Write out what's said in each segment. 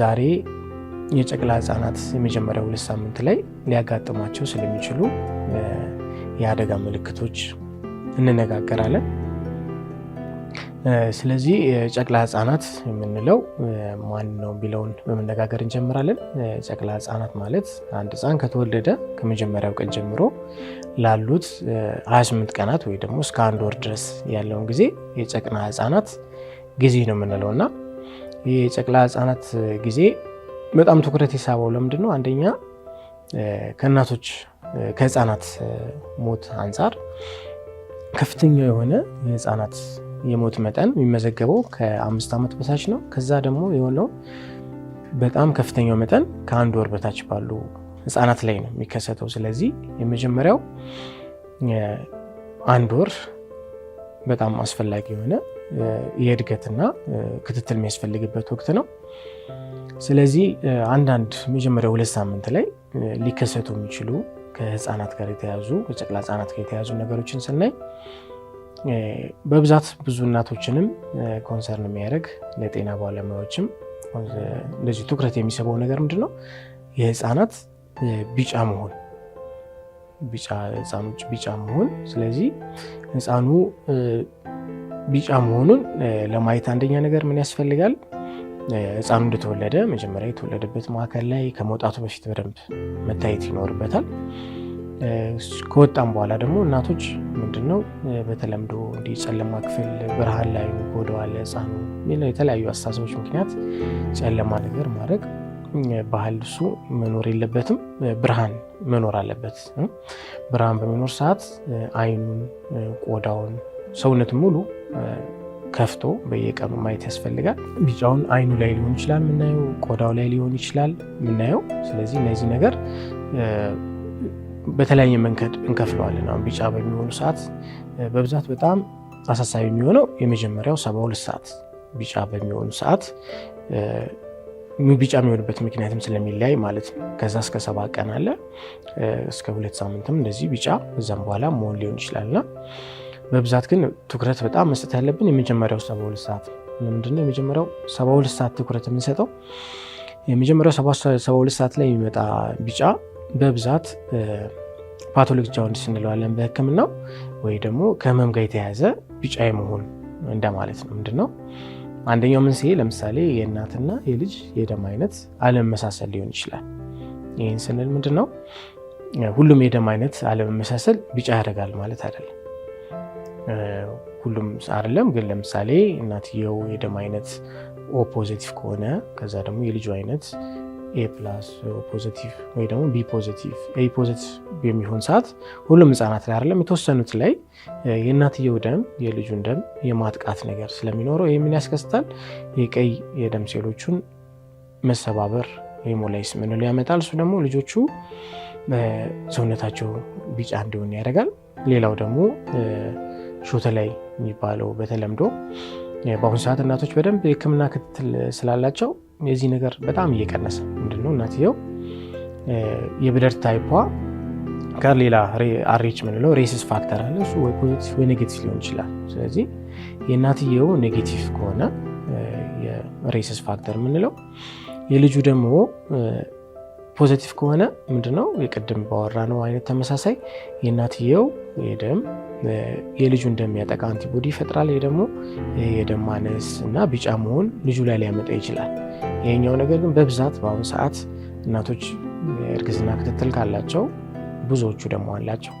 ዛሬ የጨቅላ ህጻናት የመጀመሪያ ሁለት ሳምንት ላይ ሊያጋጥሟቸው ስለሚችሉ የአደጋ ምልክቶች እንነጋገራለን። ስለዚህ ጨቅላ ህጻናት የምንለው ማን ነው ቢለውን በመነጋገር እንጀምራለን። ጨቅላ ህጻናት ማለት አንድ ህፃን ከተወለደ ከመጀመሪያው ቀን ጀምሮ ላሉት 28 ቀናት ወይ ደግሞ እስከ አንድ ወር ድረስ ያለውን ጊዜ የጨቅና ህጻናት ጊዜ ነው የምንለው እና የጨቅላ ህጻናት ጊዜ በጣም ትኩረት የሳበው ለምንድን ነው? አንደኛ ከእናቶች ከህፃናት ሞት አንጻር ከፍተኛ የሆነ የህፃናት የሞት መጠን የሚመዘገበው ከአምስት ዓመት በታች ነው። ከዛ ደግሞ የሆነው በጣም ከፍተኛው መጠን ከአንድ ወር በታች ባሉ ህፃናት ላይ ነው የሚከሰተው። ስለዚህ የመጀመሪያው አንድ ወር በጣም አስፈላጊ የሆነ የእድገትና ክትትል የሚያስፈልግበት ወቅት ነው። ስለዚህ አንዳንድ መጀመሪያ ሁለት ሳምንት ላይ ሊከሰቱ የሚችሉ ከህፃናት ጋር የተያዙ ከጨቅላ ህፃናት ጋር የተያዙ ነገሮችን ስናይ በብዛት ብዙ እናቶችንም ኮንሰርን የሚያደርግ ለጤና ባለሙያዎችም እንደዚህ ትኩረት የሚስበው ነገር ምንድን ነው? የህፃናት ቢጫ መሆን ቢጫ ህፃኖች ቢጫ መሆን። ስለዚህ ህፃኑ ቢጫ መሆኑን ለማየት አንደኛ ነገር ምን ያስፈልጋል? ህፃኑ እንደተወለደ መጀመሪያ የተወለደበት ማዕከል ላይ ከመውጣቱ በፊት በደንብ መታየት ይኖርበታል። ከወጣም በኋላ ደግሞ እናቶች ምንድነው በተለምዶ እንዲህ ጨለማ ክፍል ብርሃን ላይ ጎደዋለ ሕፃኑ የተለያዩ አስተሳሰቦች ምክንያት ጨለማ ነገር ማድረግ ባህል እሱ መኖር የለበትም። ብርሃን መኖር አለበት። ብርሃን በሚኖር ሰዓት አይኑን፣ ቆዳውን ሰውነትን ሙሉ ከፍቶ በየቀኑ ማየት ያስፈልጋል። ቢጫውን አይኑ ላይ ሊሆን ይችላል የምናየው፣ ቆዳው ላይ ሊሆን ይችላል የምናየው። ስለዚህ እነዚህ ነገር በተለያየ መንገድ እንከፍለዋለን። አሁን ቢጫ በሚሆኑ ሰዓት በብዛት በጣም አሳሳቢ የሚሆነው የመጀመሪያው ሰባ ሁለት ሰዓት ቢጫ በሚሆኑ ሰዓት ቢጫ የሚሆንበት ምክንያትም ስለሚለያይ ማለት ነው። ከዛ እስከ ሰባ ቀን አለ እስከ ሁለት ሳምንትም እንደዚህ ቢጫ እዛም በኋላ መሆን ሊሆን ይችላልና በብዛት ግን ትኩረት በጣም መስጠት ያለብን የመጀመሪያው ሰባ ሁለት ሰዓት ነው። ለምንድነው የመጀመሪያው ሰባ ሁለት ሰዓት ትኩረት የምንሰጠው? የመጀመሪያው ሰባ ሁለት ሰዓት ላይ የሚመጣ ቢጫ በብዛት ፓቶሎጂ ጃውንዲስ እንለዋለን በህክምናው ወይ ደግሞ ከህመም ጋር የተያያዘ ቢጫ የመሆን እንደማለት ነው። ምንድነው አንደኛው መንስኤ ለምሳሌ የእናትና የልጅ የደም አይነት አለመመሳሰል ሊሆን ይችላል። ይህን ስንል ምንድነው ሁሉም የደም አይነት አለመመሳሰል ቢጫ ያደርጋል ማለት አይደለም። ሁሉም አይደለም ግን ለምሳሌ እናትየው የደም አይነት ኦ ፖዘቲቭ ከሆነ ከዛ ደግሞ የልጁ አይነት ኤ ፕላስ ፖዘቲቭ ወይ ደግሞ ቢ ፖዘቲቭ ኤ ፖዘቲቭ የሚሆን ሰዓት ሁሉም ህፃናት ላይ አይደለም የተወሰኑት ላይ የእናትየው ደም የልጁን ደም የማጥቃት ነገር ስለሚኖረው ይህ ምን ያስከስታል? የቀይ የደም ሴሎቹን መሰባበር ሄሞላይስ ምንሉ ያመጣል። እሱ ደግሞ ልጆቹ ሰውነታቸው ቢጫ እንዲሆን ያደርጋል። ሌላው ደግሞ ሾተ ላይ የሚባለው በተለምዶ በአሁኑ ሰዓት እናቶች በደንብ የህክምና ክትትል ስላላቸው የዚህ ነገር በጣም እየቀነሰ ምንድነው እናትየው የብለድ ታይፖ ከሌላ አሬች ምንለው ሬሲስ ፋክተር አለ። እሱ ወይ ፖዚቲቭ ወይ ኔጌቲቭ ሊሆን ይችላል። ስለዚህ የእናትየው ኔጌቲቭ ከሆነ የሬሲስ ፋክተር የምንለው የልጁ ደግሞ ፖዘቲቭ ከሆነ ምንድነው የቅድም ባወራ ነው አይነት ተመሳሳይ የእናትየው የደም የልጁን ደም አንቲቦዲ ይፈጥራል። ይህ ደግሞ የደም ማነስ እና ቢጫ መሆን ልጁ ላይ ሊያመጣ ይችላል። ይሄኛው ነገር ግን በብዛት በአሁኑ ሰዓት እናቶች እርግዝና ክትትል ካላቸው ብዙዎቹ ደግሞ አላቸው።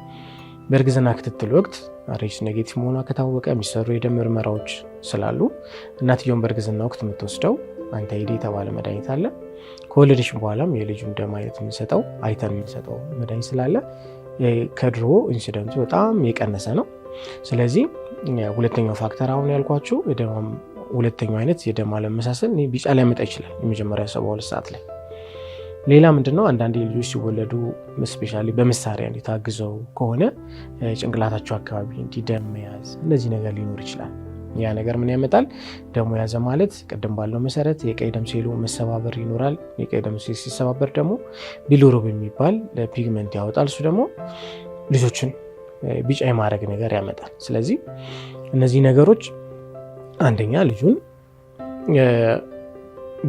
በእርግዝና ክትትል ወቅት አሬች ኔጌቲቭ መሆኗ ከታወቀ የሚሰሩ የደም ምርመራዎች ስላሉ እናትየውን በእርግዝና ወቅት የምትወስደው አንታይዲ የተባለ መድኃኒት አለ። ከወለደች በኋላም የልጁን ደም አይነት የምንሰጠው አይተን የምንሰጠው መድኃኒት ስላለ ከድሮ ኢንሲደንቱ በጣም የቀነሰ ነው። ስለዚህ ሁለተኛው ፋክተር አሁን ያልኳችሁ ሁለተኛው አይነት የደም አለመመሳሰል ቢጫ ሊያመጣ ይችላል የመጀመሪያ ሰባ ሁለት ሰዓት ላይ። ሌላ ምንድነው አንዳንድ ልጆች ሲወለዱ ስፔሻሊ በመሳሪያ እንዲታግዘው ከሆነ ጭንቅላታቸው አካባቢ እንዲደም መያዝ እነዚህ ነገር ሊኖር ይችላል። ያ ነገር ምን ያመጣል? ደሞ ያዘ ማለት ቅድም ባለው መሰረት የቀይ ደም ሴሉ መሰባበር ይኖራል። የቀይ ደም ሴል ሲሰባበር ደግሞ ቢሊሩቢን የሚባል ፒግመንት ያወጣል። እሱ ደግሞ ልጆችን ቢጫ የማድረግ ነገር ያመጣል። ስለዚህ እነዚህ ነገሮች አንደኛ ልጁን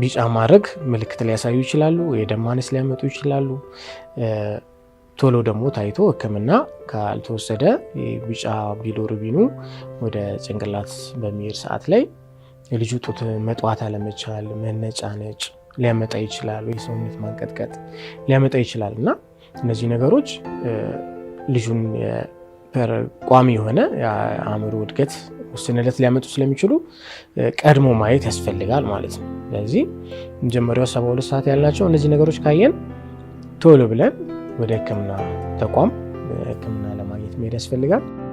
ቢጫ ማድረግ ምልክት ሊያሳዩ ይችላሉ። የደም ማነስ ሊያመጡ ይችላሉ። ቶሎ ደግሞ ታይቶ ህክምና ካልተወሰደ ቢጫ ቢሎሩቢኑ ወደ ጭንቅላት በሚሄድ ሰዓት ላይ የልጁ ጡት መጥዋት አለመቻል፣ መነጫነጭ ሊያመጣ ይችላል፣ ወይ ሰውነት ማንቀጥቀጥ ሊያመጣ ይችላል እና እነዚህ ነገሮች ልጁን ቋሚ የሆነ የአእምሮ እድገት ውስንነት ሊያመጡ ስለሚችሉ ቀድሞ ማየት ያስፈልጋል ማለት ነው። ስለዚህ መጀመሪያው ሰባ ሁለት ሰዓት ያልናቸው እነዚህ ነገሮች ካየን ቶሎ ብለን ወደ ህክምና ተቋም ህክምና ለማግኘት መሄድ ያስፈልጋል።